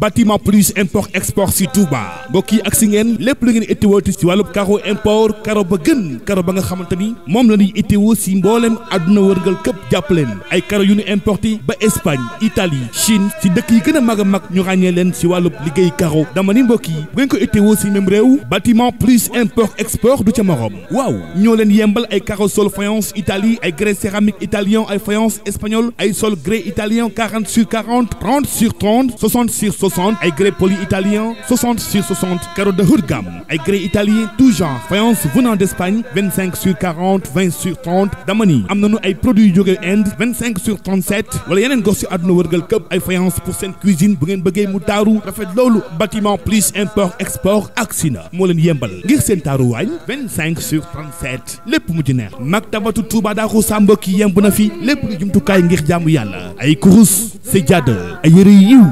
bâtiment plus import export si Touba mbokk yi ak si ngeen lépp lu ngeen itteewooti si wàllub caro import caro ba gën caro ba nga xamante ni moom la ñuy itteewoo si mbooleem àdduna wërngal këpp jàppaleen ay caro yu ñu importé ba Espagne Italie Chine ci dëkk yi gën a mag mag ñu ràññee leen si wàllub liggéey caro dama ni mbokk yi bu ngeen ko itteewoo si même réew bâtiment plus import export du ca morom waaw ñoo leen yembal ay caro sol faïence Italie ay grès céramique italien ay faïence espagnol ay sol grès italien 40 sur 40 30 sur 30 60 60 ay grès poli italien 60 sur 60 carreaux de haut de gamme ay grès italien tout genre faïence venant d'Espagne 25 sur 40 20 sur 30 damani am nañu ay produits yu Inde 25 sur 37 wala yeneen gox yu àdduna wërgal këpp ay faïence pour seen cuisine bu ngeen bëggee mu taaru rafet loolu bâtiment plus import export ak sina moo leen yembal ngir seen taaru waañ 25 sur 37 lépp mu ci neex maktabatu Touba Darou Samba ki yemb na fi lépp jumtukaay ngir jaamu yàlla ay kurus si jadd ay yëre yiw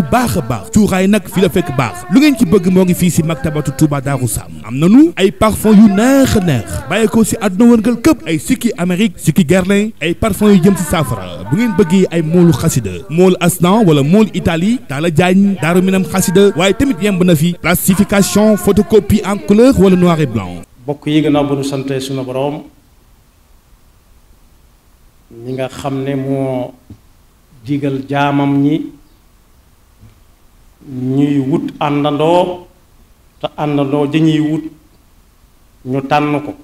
yu baax a baax nag fi la fekk baax lu ngeen ci bëgg moo ngi fii si maktabatu Touba Daaru Sam am nanu ay parfum yu neex a neex bàyyi ko si àdduna wërngal këpp ay sikki Amérique sikki Guerlain ay parfum yu jëm si saafara bu ngeen bëggee ay moolu xasida mool asnan wala mool Italie Talla Diagne Daaru Minam xasida waaye tamit yemb na fi plastification photocopie en wala noir et blanc bokk yi gannaaw bu ñu sante suna borom ñi nga xam ne moo digal jaamam ñi ñuy wut àndandoo te àndandoo dañuy wut ñu tànn ko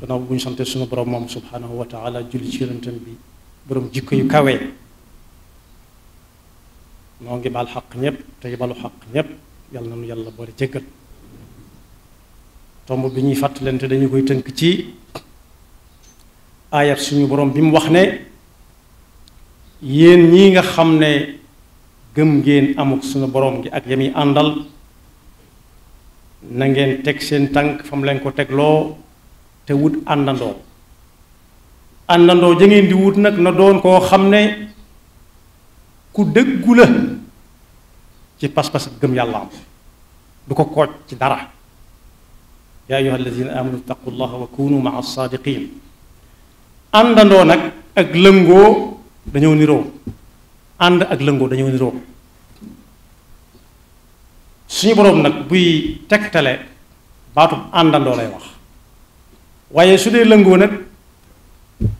gannaaw bu ñu sante suñu borom moom subhanahu wa taala julli ci yonentam bi borom jikko yu kawee noo ngi baal xaq ñépp tey balu xaq ñépp yàlla na nu yàlla boole jéggal tomb bi ñuy fàttalante dañu koy tënk ci aayat suñu borom bi mu wax ne yéen ñii nga xam ne gëm ngeen amuk suñu borom gi ak yami àndal na ngeen teg seen tànk fam leen ko tegloo te wut àndandoo àndandoo ja di wut nag na doon koo xam ne ku dëggu la ci pas-pas ak gëm yàlla du ko kooj ci dara yaa ayuha alladina amanu ittaqullaha wa kunu maa saadiqin àndandoo nag ak lëngoo dañoo niroo ànd ak lëngoo dañoo niroo suñu boroom nag buy tegtale baatu àndandoo lay wax waaye su dee lëngoo nag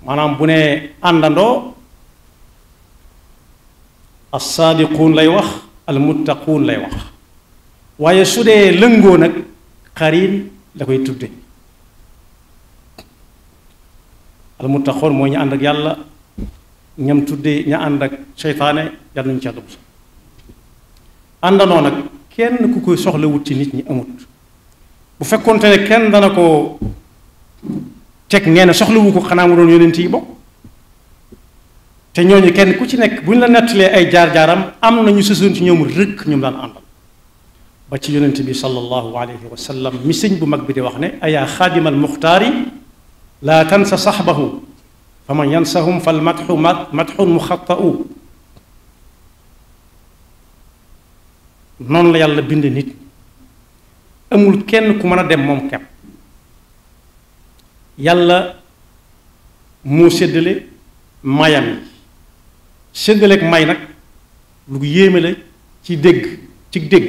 maanaam bu nee àndandoo assaadiquun lay wax almuttaquun lay wax waaye su dee lëngoo nag xariin la koy tudde almuttaquun mooy ñu ànd ak yàlla ñam tuddee ña ànd ak seytaane yal nañu ca dugg àndanoo nag kenn ku koy soxlawut ci nit ñi amut bu fekkonte ne kenn dana ko teg nee na soxlawu ko xanaa mu doon yonent yi bokk te ñooñu kenn ku ci nekk bu ñu la nettalee ay jaar-jaaram am na ñu sësoon ci ñoom rëkk ñoom daan àndal ba ci yonent bi sallallahu alayhi wa sallam mi sëñ bu mag bi di wax ne ayaa xaadimal muxtaari laa tansa saxbahu fa man yansahum fal matxu matxun muxatau noonu la yàlla bind nit amul kenn ku mën a dem moom kepp yàlla moo séddale mayam yi séddaleeg may nag lu yéeme la ci dégg ci dégg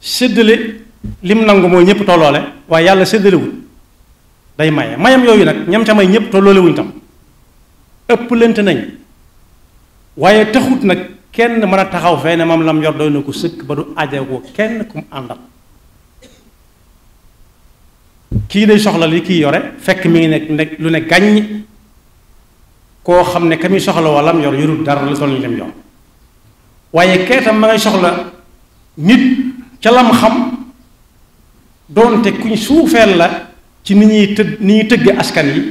séddale lim nangu mooy ñëpp tolloole waaye yàlla séddalewul day maye mayam yooyu nag ñam sa may ñëpp tolloolewuñ tam ëpp lente nañ waaye taxut nag kenn mën a taxaw fee ne moom lam yor doy na ko sëkk ba du ajagoo kenn ku mu àndal kii de soxla li kii yore fekk mi ngi nekk nekk lu ne gàññ koo xam ne ka muy soxla walam yor yorul dara lu toll ni lam yor waaye keetam ma ngay soxla nit ca lam xam doonte kuñ suufeel la ci ni ñuy tëdd ni ñuy tëgg askan yi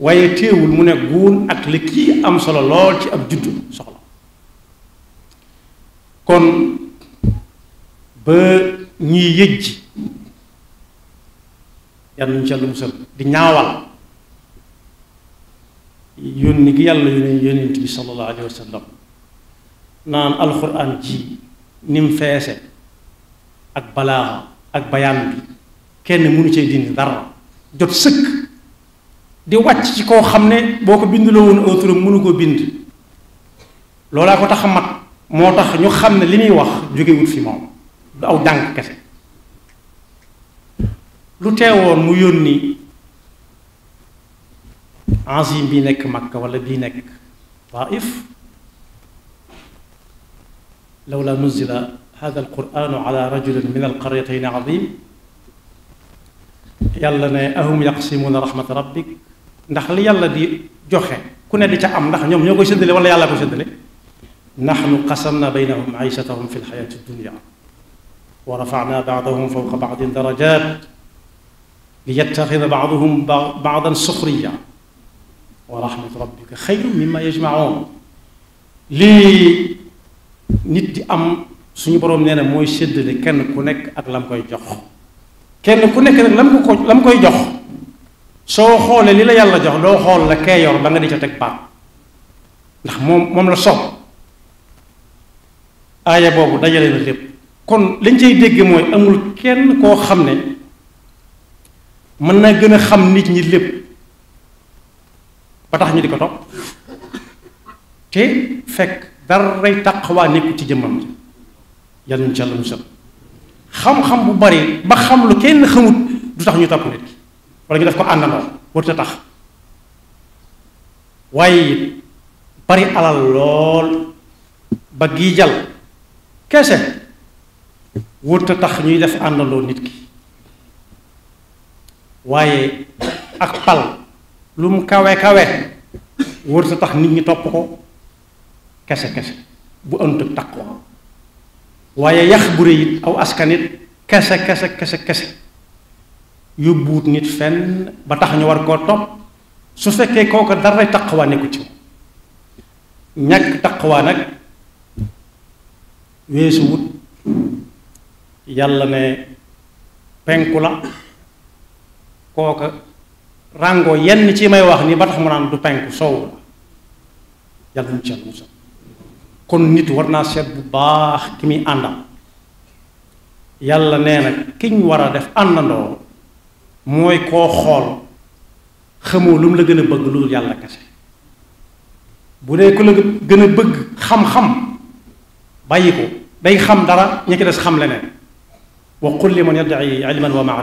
waaye téewul mu ne guun ak li kii am solo lool ci ab juddu soxla kon ba ñuy yëj yàlla nañu ci yàlla musal di ñaawal yónni gi yàlla yónni yónent bi sallallahu alayhi naan alxuraan ji ni feese ak balaaxa ak bayaan bi kenn mënu cee dindi dara jot sëkk di wàcc ci koo xam ne boo ko bind la woon autour mënu ko bind loolaa ko tax a mat moo tax ñu xam ne li muy wax jógewut fi moom aw dànk kese lu teewoon mu yónni enzim bi nekk Makka wala bii nekk Taif lawla nuzila hada alquranu ala rajulin min alqaryatayn azim yàlla ne ahum yaqsimuna rahmata rabbik ndax li yàlla di joxe ku ne di ca am ndax ñoom ñoo koy séddale wala yàlla ko séddale naxnu qasamna baynahum maichatahum fi lxayaati dunia wa rafana baadahum fawqa baadin darajat liyattaxida baaduhum baadan suxriya wa rahmatu rabbika xayru mimma yajmaun lii nit di am suñu boroom nee na mooy séddale kenn ku nekk ak lam koy jox kenn ku nekk nag lam ko ko lam koy jox soo xoolee li la yàlla jox loo xool la kee yor ba nga di ca teg baat ndax moom moom la sob aaya boobu dajale na lépp kon lañ cay dégg mooy amul kenn koo xam ne mën na gën a xam nit ñi lépp ba tax ñu di ko topp te fekk daray taqwa nekku ci jëmmam yàlla ñu ci yàlla musal xam-xam bu bari ba xam lu kenn xamut du tax ñu topp nit wala ñu def ko àndandoo wërta tax waaye it bari alal lool ba gii jal kese wërta tax ñuy def àndandoo nit ki waaye ak pal lu mu kawe kawe wërta tax nit ñi topp ko kese kese bu ënt ak taqwa waaye yax bu rëy aw askan it kese kese kese kese yu buut nit fenn ba tax ñu war koo topp su fekkee kooka dara taqwa ko ci ñàkk taqwa nag weesu wut yàlla ne penku la kooka ràngoo yenn ci may wax ni ba tax mu naan du penku soow la yàlla duñ seet musa kon nit war naa seet bu baax ki muy àndam yàlla nee nag ki ñu war a def àndandoo mooy koo xool xamoo lu mu la gën a bëgg loolu yàlla kese bu dee ku la gën a bëgg xam-xam bàyyi ko day xam dara ñi ki des xam leneen wa qul li man yaddaci ilman wa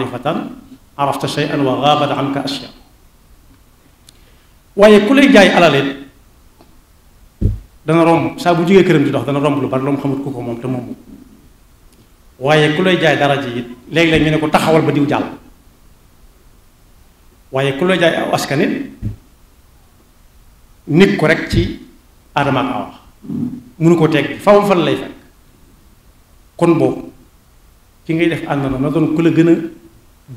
waaye ku lay jaay alal it dana romb saa bu jógee këram di dox dana romb lu bari lu mu xamut ku ko moom te moomu waaye ku lay jaay dara ji it léeg-léeg ñu ne ko taxawal ba diw jàll waaye ku la jaay aw askan it nit ko rek ci aadama ak awa mënu ko teg faw fan lay fekk kon boobu ki ngay def ànd na na doon ku la gën a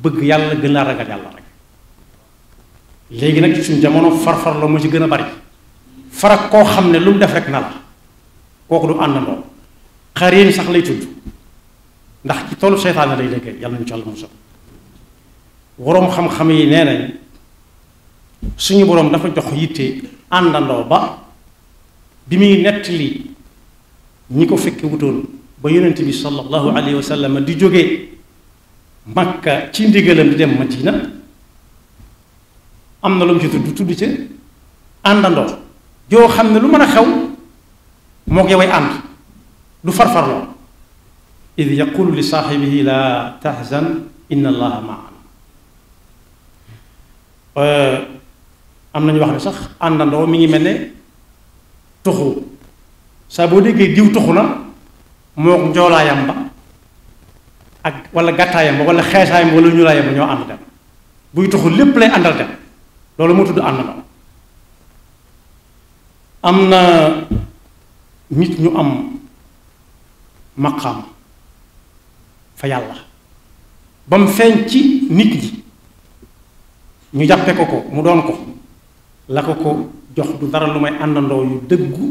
bëgg yàlla gën laa ragal yàlla rek léegi nag suñ jamono farfar la mu ci gën a bari farak koo xam ne lu mu def rek na la kooku du àndandoo xariin sax lay tudd ndax ci toolu seytaane lay léegi yàlla ñu ci mu musal waroom xam-xam yi nee nañ suñu boroom dafa jox yitte àndandoo ba bi muy nettali ñi ko fekke wutoon ba yonent bi sallallahu alayhi wa sallam di jóge makka ci ndigalam di dem madina am na lu mu ci tudd tudd ca àndandoo joo xam ne lu mën a xew moo ko way ànd du farfarloo id yaqulu li saaxibihi la tahzan inna allaha maa Euh, am na nañu wax ne sax àndandoo mi ngi mel ne toxu saa boo déggee diw toxu na moo njoolaayam ba ak wala gàttaayam ba wala xeesaayam wala ñuulaayam ba ñoo ànd dem buy tuxu lépp lay àndal dem loolu moo tudd àndandoo am na nit ñu am maqaam fa yàlla ba mu feeñ ci nit ñi ñu jàppe ko ko mu doon ko la ko ko jox du dara lu may àndandoo yu dëggu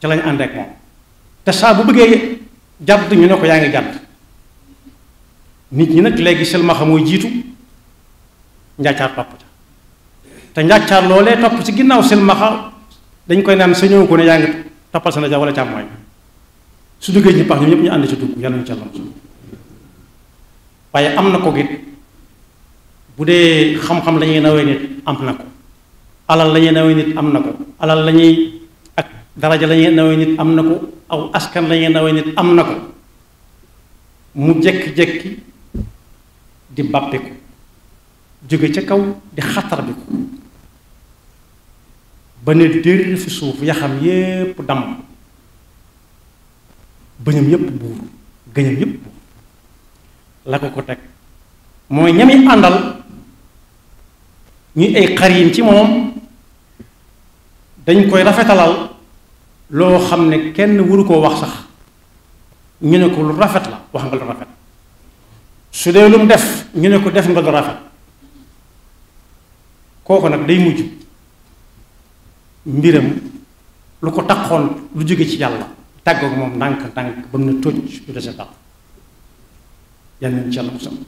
ca lañ ànd ak moom te saa bu bëggee jàdd ñu ne ko yaa ngi jàdd nit ñi nag léegi silmaxa mooy jiitu njàccaar topp ca te njàccaar loolee topp ci ginnaaw silmaxa dañ koy naan sa ñëw ko ne yaa ngi toppal sa na su duggee ñu pax ñu ñëpp ñu ànd ci dugg yàlla ñu ca lam waaye am na ko git bu dee xam-xam la nawee nit am na ko alal la ñuy nawee nit am na ko alal la ak daraja la ñuy nawee nit am na ko aw askan la nawee nit am na ko mu jékki-jékki di bàppe ko jóge ca kaw di xatar bi ko ba ne dér fi suuf yaxam yépp damm bëñam yépp buur gëñam yépp buur la ko ko teg mooy ñami àndal ñuy ay xar xarin ci moom dañ koy rafetalal loo xam ne kenn waru koo wax sax ñu ne ko lu rafet la wax nga lu rafet su dee lu mu def ñu ne ko def nga lu rafet kooku nag day mujj mbiram lu ko taxoon lu jóge ci yàlla tàggoog moom ndànk ndànk ba mu ne tóoj lu dese dàq yàlla nañ ci yàlla ko sam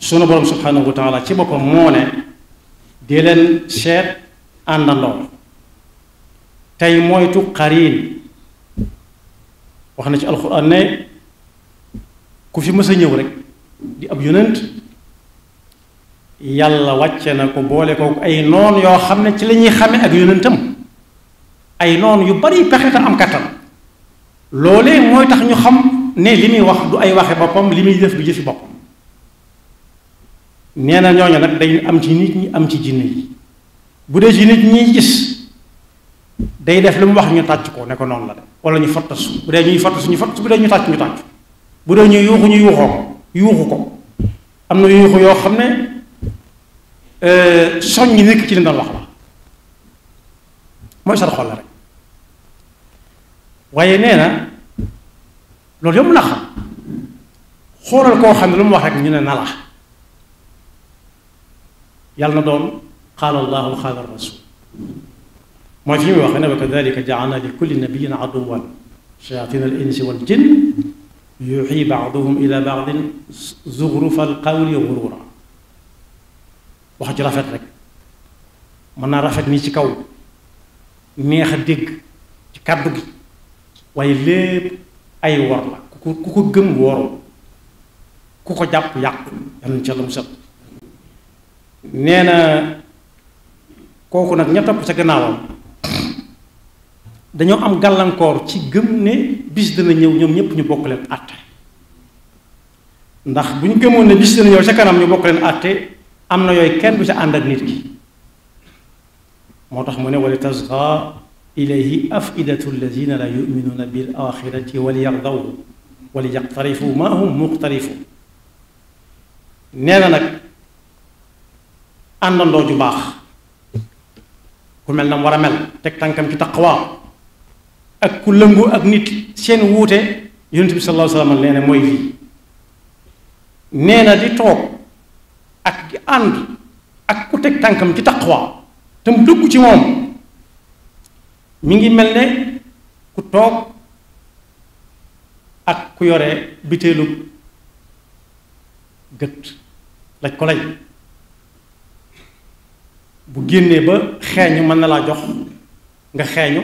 sunu borom subhanahu wa ci boppam moo ne di leen seet àndandoo tey moytu xariin wax na ci alxuraan ne ku fi mës a ñëw rek di ab yonent yàlla wàcce na ko boole ko ay noon yoo xam ne ci la ñuy xame ak yonentam ay noon yu bari pexe tam am kattan loole mooy tax ñu xam ne li muy wax du ay waxe boppam li muy def du jëfi boppam nee na ñooñu nag dañu am ci nit ñi am ci jinne yi bu dee ci nit ñi gis day def lu mu wax ñu tàcc ko ne ko noonu la de wala ñu fottasu bu dee ñuy fottasu ñu fottasu bu dee ñu tàcc ñu tàcc bu dee ñuy yuuxu ñu yuuxoo ko yuuxu ko am na yuuxu yoo xam ne euh, soññ nekk ci li doon wax la mooy sar la rek waaye nee na loolu yomb na xam xoolal koo xam ne lu mu wax rek ñu ne na yàlla na doon qaala allahu qaala rasul mooy fi muy waxee ne wa kadalika jaalna li kulli nabiyin aduwan shayatin al insi wal jinn yuxi baaduhum ila baadin zuxrufa al qawli gurura wax ju rafet rek mën naa rafet nii ci kaw neex a dégg ci kàddu gi waaye lépp ay wor la ku ko ku ko gëm wóorul ku ko jàpp yàqu yal nañ ci yàlla musal nee na kooku nag ña topp sa gannaawam dañoo am gàllankoor ci gëm ne bis dana ñëw ñoom ñépp ñu bokk leen àtte ndax bu ñu gëmoon ne bis dana ñëw sa kanam ñu bokk leen àtte am na yooy kenn bu sa ànd ak nit ki moo tax mu ne wali tasga ilayhi afidatu alladina la yuminuuna bil axirati wali yardaw wali yaqtarifu ma hum muqtarifu nee na nag àndandoo ju baax ku mel na mu war a mel teg tànkam ci taqwa ak ku lëngu ak nit seen wuute yonent bi sallallahu alayhi wa sallam mooy lii nee na di toog ak di ànd ak ku teg tànkam ci taqwa te mu dugg ci moom mi ngi mel ne ku toog ak ku yore bitéelu gët laj ko lay bu génnee ba xeeñu mën na laa jox nga xeeñu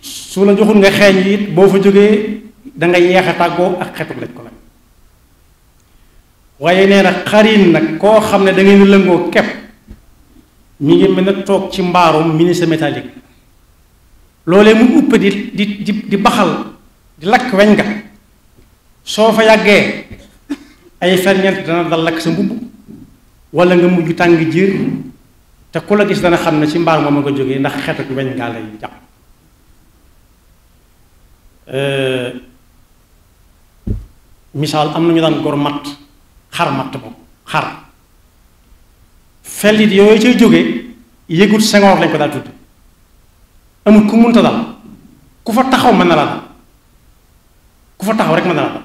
su la joxul nga xeeñu it boo fa jógee dangay nga a tàggoo ak xetuk laj ko la waaye nee na xarin nag koo xam ne da ngeen lëngoo kepp mi ngi mën ne toog ci mbaarum ministre métallique loolee mu upp di di di di baxal di lakk weñ nga soo fa yàggee ay ferñeent dana dal lakk sa mbubb wala nga mujj tàng jiir te ku la gis dana xam ne ci mbaar moom a nga jógee ndax xetuk weñ ngaa lay jàpp misaal am na ñu daan gor matt xar matt ko xar fellit yooyu cay jóge yëgut sengoor lañ ko daal tudd amul ku munta dal ku fa taxaw mën na la ku fa taxaw rek mën na la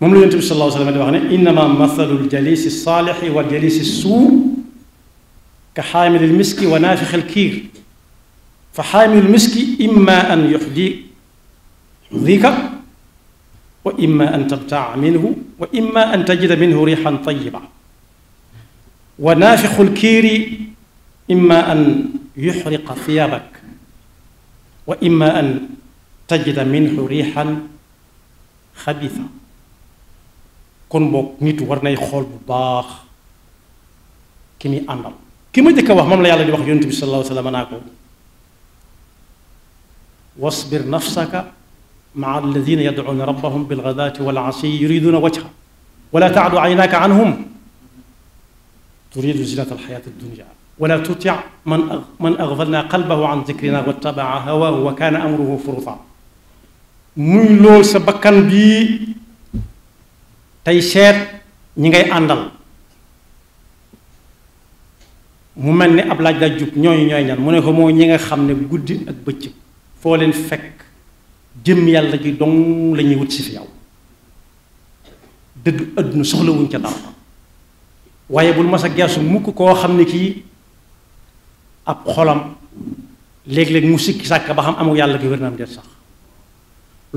moom la yonent bi sallallahu alayhi wa sallam di wax ne innama mathalul jalisi saalixi wa jalisi suu ka xaamilil miski wa naafixil kiir fa xaamilul miski imma an yuxdika wa imma an tabtaa minhu wa imma an tajida minhu rixan tayiba wa naafixul kiiri imma an yuxriqa thiyaabak wa imma an tajida minhu rixan xabitha kon boog nit war nay xool bu baax ki muy àndal ki ma njëkk a wax moom la yàlla di wax yonent bi sallallahu alayhi wa sallam naa ko wasbir nafsaka maa alladina yadcuuna rabbahum bilgadaati walasiyi yuriduuna wajha wala taadu aynaka anhum turidu zinata alxayaati addunia wala tutic man man agfalna qalbahu an zikrina wattabaca hawaahu wa kaana amruhu furuta muy lool sa bakkan bii tey seet ñi ngay àndal mu mel ni ab laaj la jub ñooñu ñooy ñan mu ne ko mooy ñi nga xam ne guddi ak bëccëg foo leen fekk jëm yàlla ji dong lañuy ñuy wut si fi yow dëddu àdduna soxlawuñ ca dara waaye bul mas a geesu mukk koo xam ne kii ab xolam léeg-léeg mu sikki sàkk ba xam amul yàlla gi wér na sax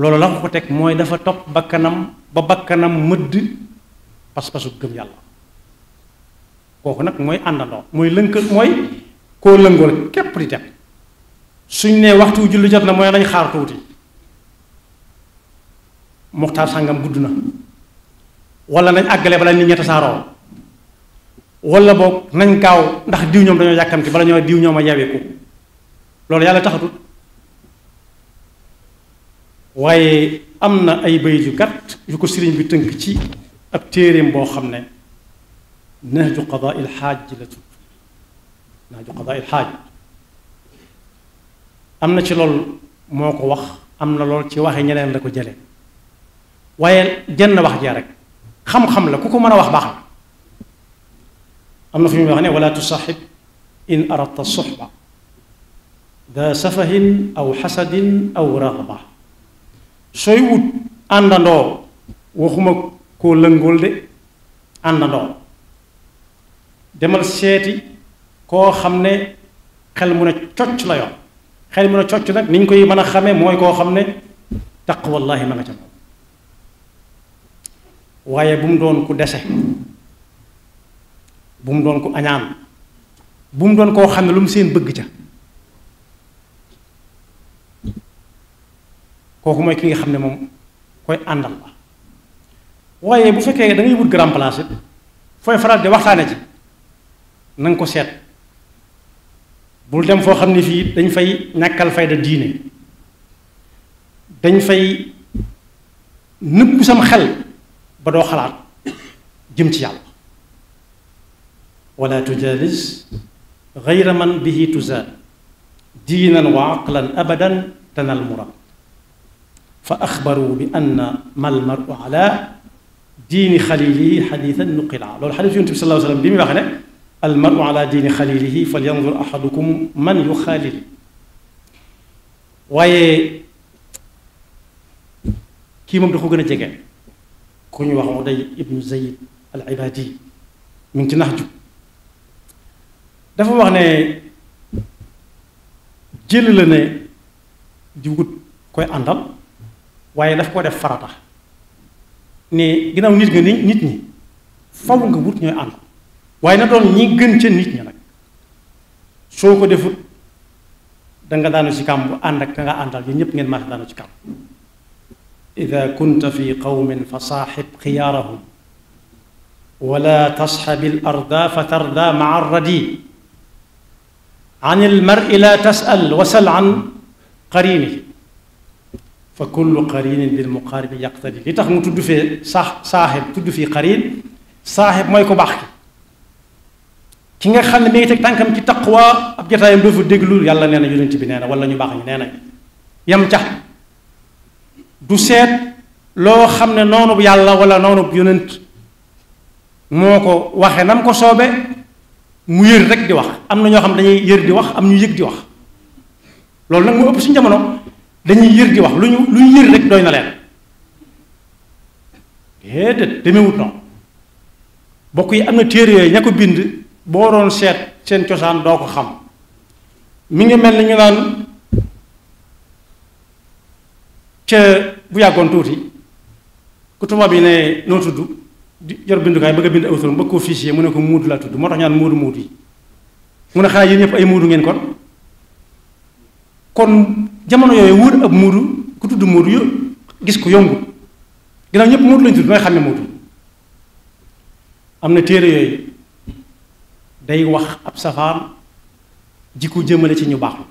loolu la nga ko teg mooy dafa topp bakkanam ba bakkanam mëdd pas-pasu gëm yàlla kooku nag mooy àndandoo mooy lënkal mooy koo lëngool képp di dem suñ nee waxtu julli jot na mooy nañ xaar tuuti muxtaar sàngam gudd na wala nañ àggale bala nit ñi tasaaroo wala boog nañ gaaw ndax diw ñoom dañoo yàkkamti bala ñoo diw ñoom a yaweeku loolu yàlla taxatut waaye am na ay bayit yu gàtt yu ko sëriñ bi tënk ci ab téeréem boo xam ne nahju qadaa il xaaj la tudd nahju qadaa il xaaj am na ci lool moo ko wax am na lool ci waxe ñeneen la ko jële waaye jenn wax jee rek xam-xam la ku ko mën a wax baax na am na fu ñu wax ne wala tusaxib in aradta suxba da safahin aw xasadin aw raxba sooy wut àndandoo waxuma koo lëngool de àndandoo demal seeti koo xam ne xel mu ne cocc la yor xel mu ne cocc rek ni koy mën a xamee mooy koo xam ne taqwallaahi ma nga ca moom waaye bu mu doon ku dese bu mu doon ku añaan bu mu doon koo xam ne lu mu seen bëgg ca kooku mooy ki nga xam ne moom koy àndal la waaye bu fekkee da ngay wut grand place it fooy faral di waxtaane ci na ko seet bul dem foo xam ne fii dañ fay ñàkkal fayda diine dañ fay nëbbu sam xel ba doo xalaat jëm ci yàlla wala tujalis gayra man bihi tuzaad diinan wa aqlan abadan tanal murad fa axbaru bi anna mal maru ala diini xalilihi xadiisan nuqila loolu xadiis yonent bi sallallaahu alayhi muy wax ne al maru ala diini xalilihi fal yanzur ahadukum man kii moom da ko gën a jege ku ñu wax Uday ibnu Zayd al Ibaadi mi ngi ci nax ju dafa wax ne jël la ne di wut koy àndal waaye daf koo def farata ne ginnaaw nit ni ñi faw nga wut ñooy ànd waaye na doon ñi gën ca nit ñi nag soo ko defut danga daanu ci kàmb ànd ak ka nga àndal yéen ñépp ngeen maax daanu ci kàmb ida kunta fi qawmin fa saaxib xiyaarahum wala tasxabi al arda fa tarda maa arradi an al mar'i la tasal wasal an qarini fa kullu qarinin bil muqaaribi yaqtadi li tax mu tudd fee sax saaxib tudd fii qarin saaxib mooy ko baax ki ki nga xam ne mi ngi teg tànkam ci waa ab jotaayam doo fa déglu yàlla nee na yonent bi nee na wala ñu baax ñu nee na yam ca du seet loo xam ne bu yàlla wala bu yonent moo ko waxee nam ko soobee mu yér rek di wax am na ñoo xam dañuy yér di wax am ñu yëg di wax loolu nag moo ëpp suñu jamono dañuy yër di wax lu ñu lu ñu yër rek doy na leen demewut noonu bokk yi am na téere yooyu ña ko bind boo waroon seet seen cosaan doo ko xam mi ngi mel ni naan ca bu yàggoon tuuti ku tubaab yi ne noo tudd di yor bindukaay bëgg a bind aw turam bëgg koo fichier mu ne ko muudu la tudd moo tax ñaan muudu muudu yi mu ne xanaa yéen ñëpp ay muudu ngeen kon kon jamono yooyu wër ab muudu ku tudd muudu yo gis ko yomb ginnaaw ñépp muudu lañ tudd nooy xam ne muudu am na téere yooyu day wax ab safaan ji ko jëmale ci ñu baax baaxul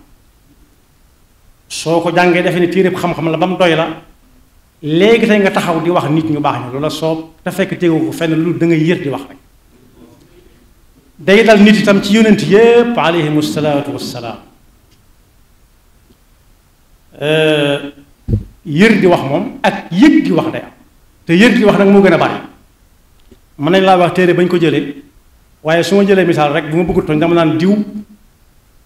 soo ko jàngee defe ne téere xam-xam la ba mu doy la léegi tey nga taxaw di wax nit ñu baax ñu loola soob te fekk tegu ko fenn lu da ngay yër di wax rek day dal nit itam ci yonent yépp aleyhimu salaatu wassalaam Euh, yër di wax moom ak yëg di wax day am te yëg di wax nag moo gën a bari mën nañ laa wax téere bañ ko jëlee waaye su ma jëlee misaal rek bu ma bëgg tooñ dama naan diw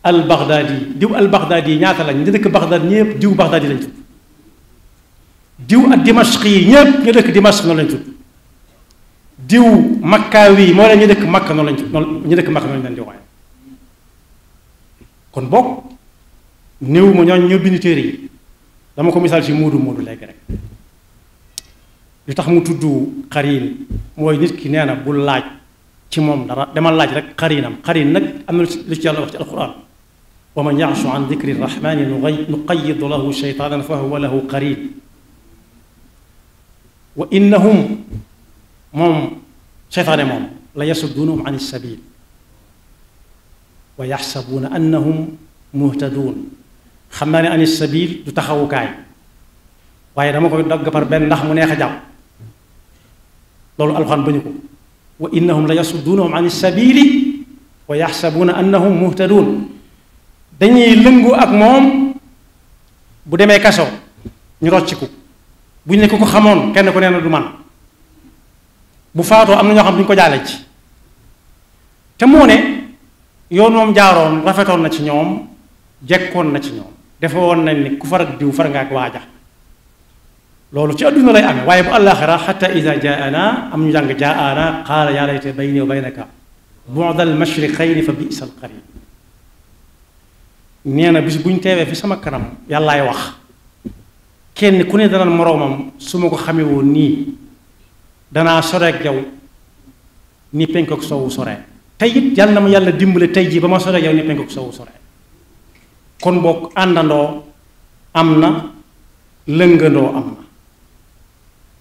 al Baghdadi diw al Baghdadi ñaata lañ ñu dëkk Baghdad ñëpp diw Baghdadi lañ tudd diw ak Dimashq yi ñëpp ñu dëkk Dimashq noonu lañ tudd diw Makkaawi yi moo leen ñu dëkk Makka noonu lañ tudd noonu ñu dëkk Makka noonu lañ di waaye kon bokk néew ma ñooñ ñoo bind téere yi dama ko misaal ci moodu moodu léegi rek li tax mu tudd xarin mooy nit ki nee na bu laaj ci moom dara dama laaj rek xarinam xarin nag am na lu ci yàlla wax ci alquran wa man ya'shu an dikri rahmani nuqayyid lahu shaytaanan fa huwa lahu qarin wa innahum moom seytaane moom la yasudduunahum an sabil wa yaxsabuuna annahum muhtaduun xam naa ne anis sabil du taxawukaay waaye dama koy dogg par benn ndax mu neex a jàpp loolu alxuraan bañu ko wa innahum la yasudduunahum anis sabili wa yaxsabuuna annahum muhtaduun dañuy lëngu ak moom bu demee kaso ñu rocciku buñ ne ko xamoon kenn ku nee na du man bu faatoo am na ñoo xam duñ ko jaale ci te moo ne yoon moom jaaroon rafetoon na ci ñoom jekkoon na ci ñoom defe woon nañ ni ku farag diw far ngaa ak loolu ci àdduna lay amee waaye bu àllaaxira xata ida jaana am ñu jàng jaana qaala yaa layta bayni wa baynaka bu'da al-mashriqayni fa bi'sa al-qarin nee na bis buñ teewee fi sama kanam yàllaay wax kenn ku ne dana moroomam su ko xamee nii danaa soreeg yow ni penkook soowu soree tey it yàlla na ma yàlla dimbale tey jii ba ma soreeg yow ni penkook soowu soree kon bokk àndandoo am na lëngandoo am na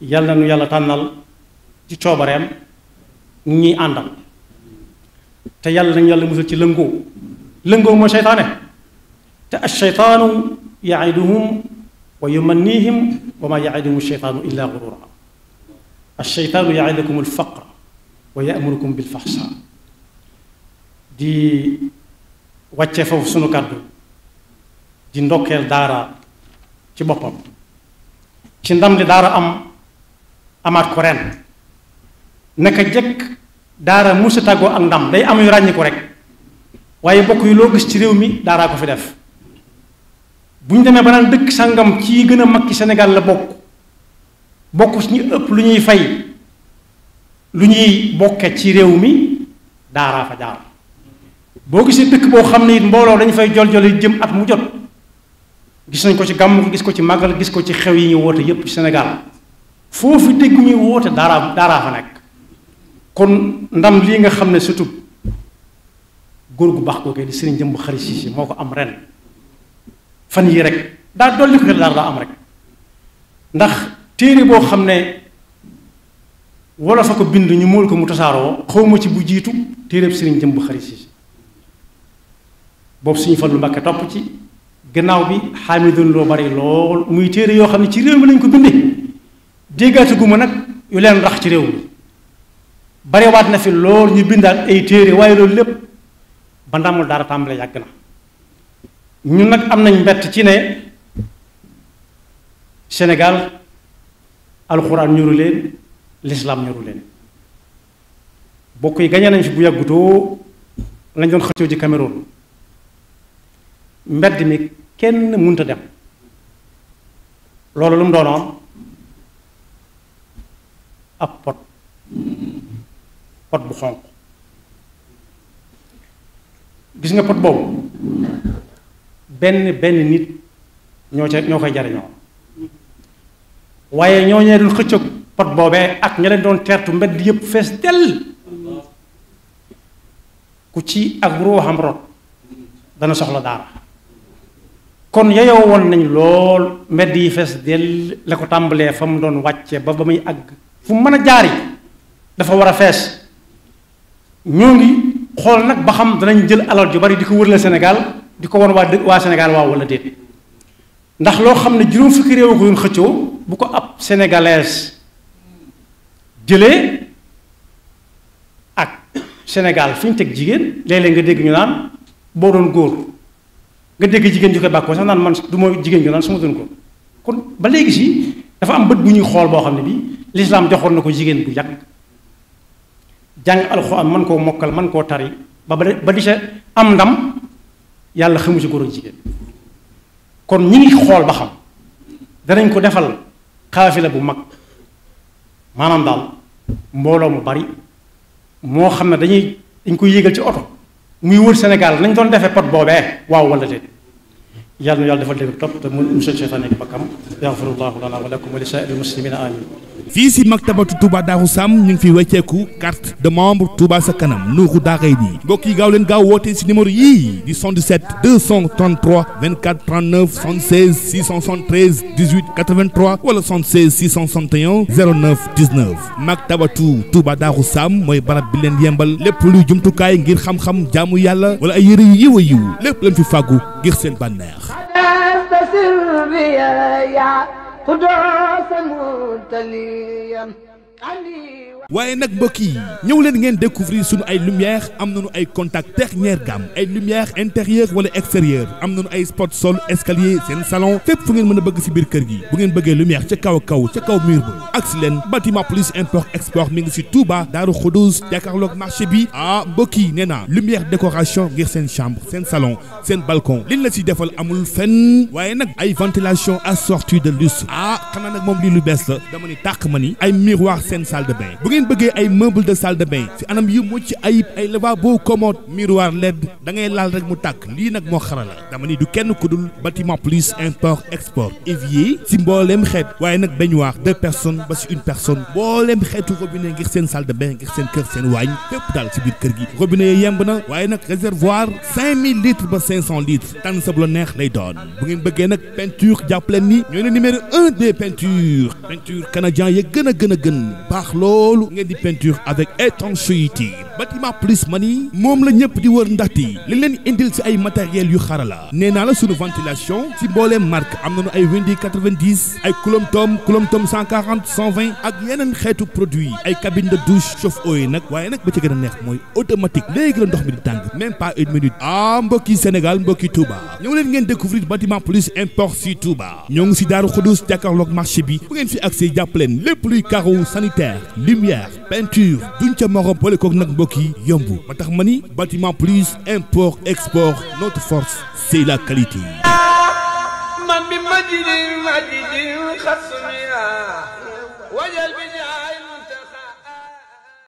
yàlla nu yàlla tànnal ci coobareem ñi àndal te yàlla nañu yàlla musal ci lëngoo lëngoo mooy seytaane te asheytaanu yaiduhum wa yumannihim wa ma yaiduhum asheytaanu illa gurura asheytaanu yaidukum alfaqra wa yamurukum bilfaxsa di wàcce foofu sunu kàddu di ndokkeel daara ci boppam ci ndam di daara am amaat ko ren naka jëkk daara musa tàggoo ak ndam day am yu ràññiku rek waaye bokk yu loo gis ci réew mi daara ko fi def bu ñu demee ba naan dëkk sàngam ci gën a mag ci Sénégal la bokk bokk ñu ëpp lu ñuy fay lu ñuy bokke ci réew mi daara fa jaar boo gisee dëkk boo xam ne it mbooloo dañ fay jol jol yi jëm at mu jot gis nañ ko ci gàmm gis ko ci màggal gis ko ci xew yi ñu woote yépp ci Sénégal foofu dégg ñuy woote daaraa daaraa fa nag kon ndam lii nga xam ne surtout góor gu baax kookee di sëriñ jëmb xarit si moo ko am ren fan yii rek daa dolli ko daal daa am rek ndax téere boo xam ne wala fa ko bind ñu mool ko mu tasaaroo xawma ci bu jiitu téereb sëriñ jëmb xarit si boobu suñu Fallu Mbàkke topp ci gannaaw bi xaamidun loo bari lool muy téere yoo xam ne ci réew mi lañ ko bindee déggaate gu ma nag yu leen rax ci réew mi bariwaat na fi lool ñu bindaat ay téere waaye loolu lépp ba ndamul daara tàmbale yàgg na ñun nag am nañ mbett ci ne Sénégal alxuraan ñoru leen lislaam ñoru leen bokk yi gañee nañ fi bu yàggutoo lañ doon xëccoo ci Cameroun mbedd mi kenn munta dem loolu lu mu doonoon ab pot pot bu xonq gis nga pot boobu benn benn nit ñoo ca ñoo koy jariñoo waaye ñoo ñee doon xëccoog pot boobee ak ña leen doon teertu mbedd yépp fees dell ku ci ak ruuxam rot dana soxla daara kon yeyoo woon nañ lool mbedd yi fees dell la ko tàmbalee fa mu doon wàcce ba ba muy àgg fu mu mën a jaar yi dafa war a fees ñoo ngi xool nag ba xam danañ jël alal ju bari di ko wërale Sénégal di ko won waa dë waa Sénégal waa wala déet ndax loo xam ne juróom fukki réew ko bu ko ab sénégalaise jëlee ak Sénégal fi ñu teg jigéen léeg nga dégg ñu naan boo doon góor nga dégg jigéen ju koy bàkkoo sax naan man du ma jigéen ko naan su ma doon ko kon ba léegi si dafa am bët bu ñuy xool boo xam ne bii lislaam joxoon na ko jigéen bu yàgg jàng alxuraan man koo mokkal man koo tari ba ba di sa am ndam yàlla xamu si góor jigéen kon ñi ngi xool ba xam danañ ko defal xaafila bu mag maanaam daal mbooloo mu bari moo xam ne dañuy dañ koy yëgal ci oto muy wër Sénégal nañ doon defee pot boobee waaw wala déet yàlla nu yàlla defal dégg topp te mu musal seytaane ak bakkam yaxfirullahu lana wa lakum wa li saa'iril muslimina amin fii si maktabatu Touba Darou Sam ñu ngi fi wecceeku carte de membre Touba sa kanam nuuru daaray nii mbokk yi gaaw leen gaaw woote si numéro yii di 77 233 24 39 76 673 18 83 wala 76 661 09 19 maktabatu Touba Darou Sam mooy barab bi leen yembal lépp lu jumtukaay ngir xam-xam jàmm yàlla wala ay yëre yu yiw a yiw lépp leen fi fàggu ngir seen bànneex فسر بي يا قدوس متليا علي waaye nag mbokk yi ñëw leen ngeen découvrir suñu ay lumière am nañu ay contact dernière gamme ay lumière intérieure wala extérieure am na nañu ay spot sol escalier seen salon fépp fu ngeen mën a bëgg si biir kër gi bu ngeen bëggee lumière ca kaw kaw ca kaw mur ba ak si leen bâtiment plus import export mi ngi si Touba Daaru Xudoos jàkkaarloog marché bi ah mbokk yi nee naa lumière décoration ngir seen chambre seen salon seen balkon liñ la si defal amul fenn waaye nag ay ventilation assortie de luxe ah xanaa moom lii lu bees dama ni tàq ma ni ay miroir seen salle de bain ngeen bëggee ay meuble de salle de bain e lii nag moo xarala kenn ku dul bâtiment si mbooleem xeet waaye nag baignoire deux personnes ba si une personne mbooleem xeetu robinet ngir seen salle de bain ngir seen kër seen waañ fépp daal si biir kër gi robinet yi yemb na waaye nag réservoir cinq mille litres ba cinq cent litres tànn sa bu neex lay doon bu ngeen bëggee nag peinture jàppaleen ni ñooy ne numéro un des peintures peinture canadien ya gën a gën a gën baax loolu ngeen di peinture avec étanchéité bâtiment plus mani moom la ñëpp di wër ndaxte li leen indil si ay matériel yu xarala nee naa la suñu ventilation si mbooleem marque am nañu ay windi ay kulom tom kulom tom ak yeneen xeetu produit ay cabine douche chauffe-eau nag waaye nag ba ci gën a neex mooy automatique léegi la ndox mi di tàng même pas une ah mbokki Sénégal mbokki Touba ñëw leen ngeen découvrir bâtiment plus import si Touba ñoo ngi si Daaru Xudus jàkkaarloog marché bi mbokk yomb ma tax ma ni bâtiment plus import export notre force c'est la qualité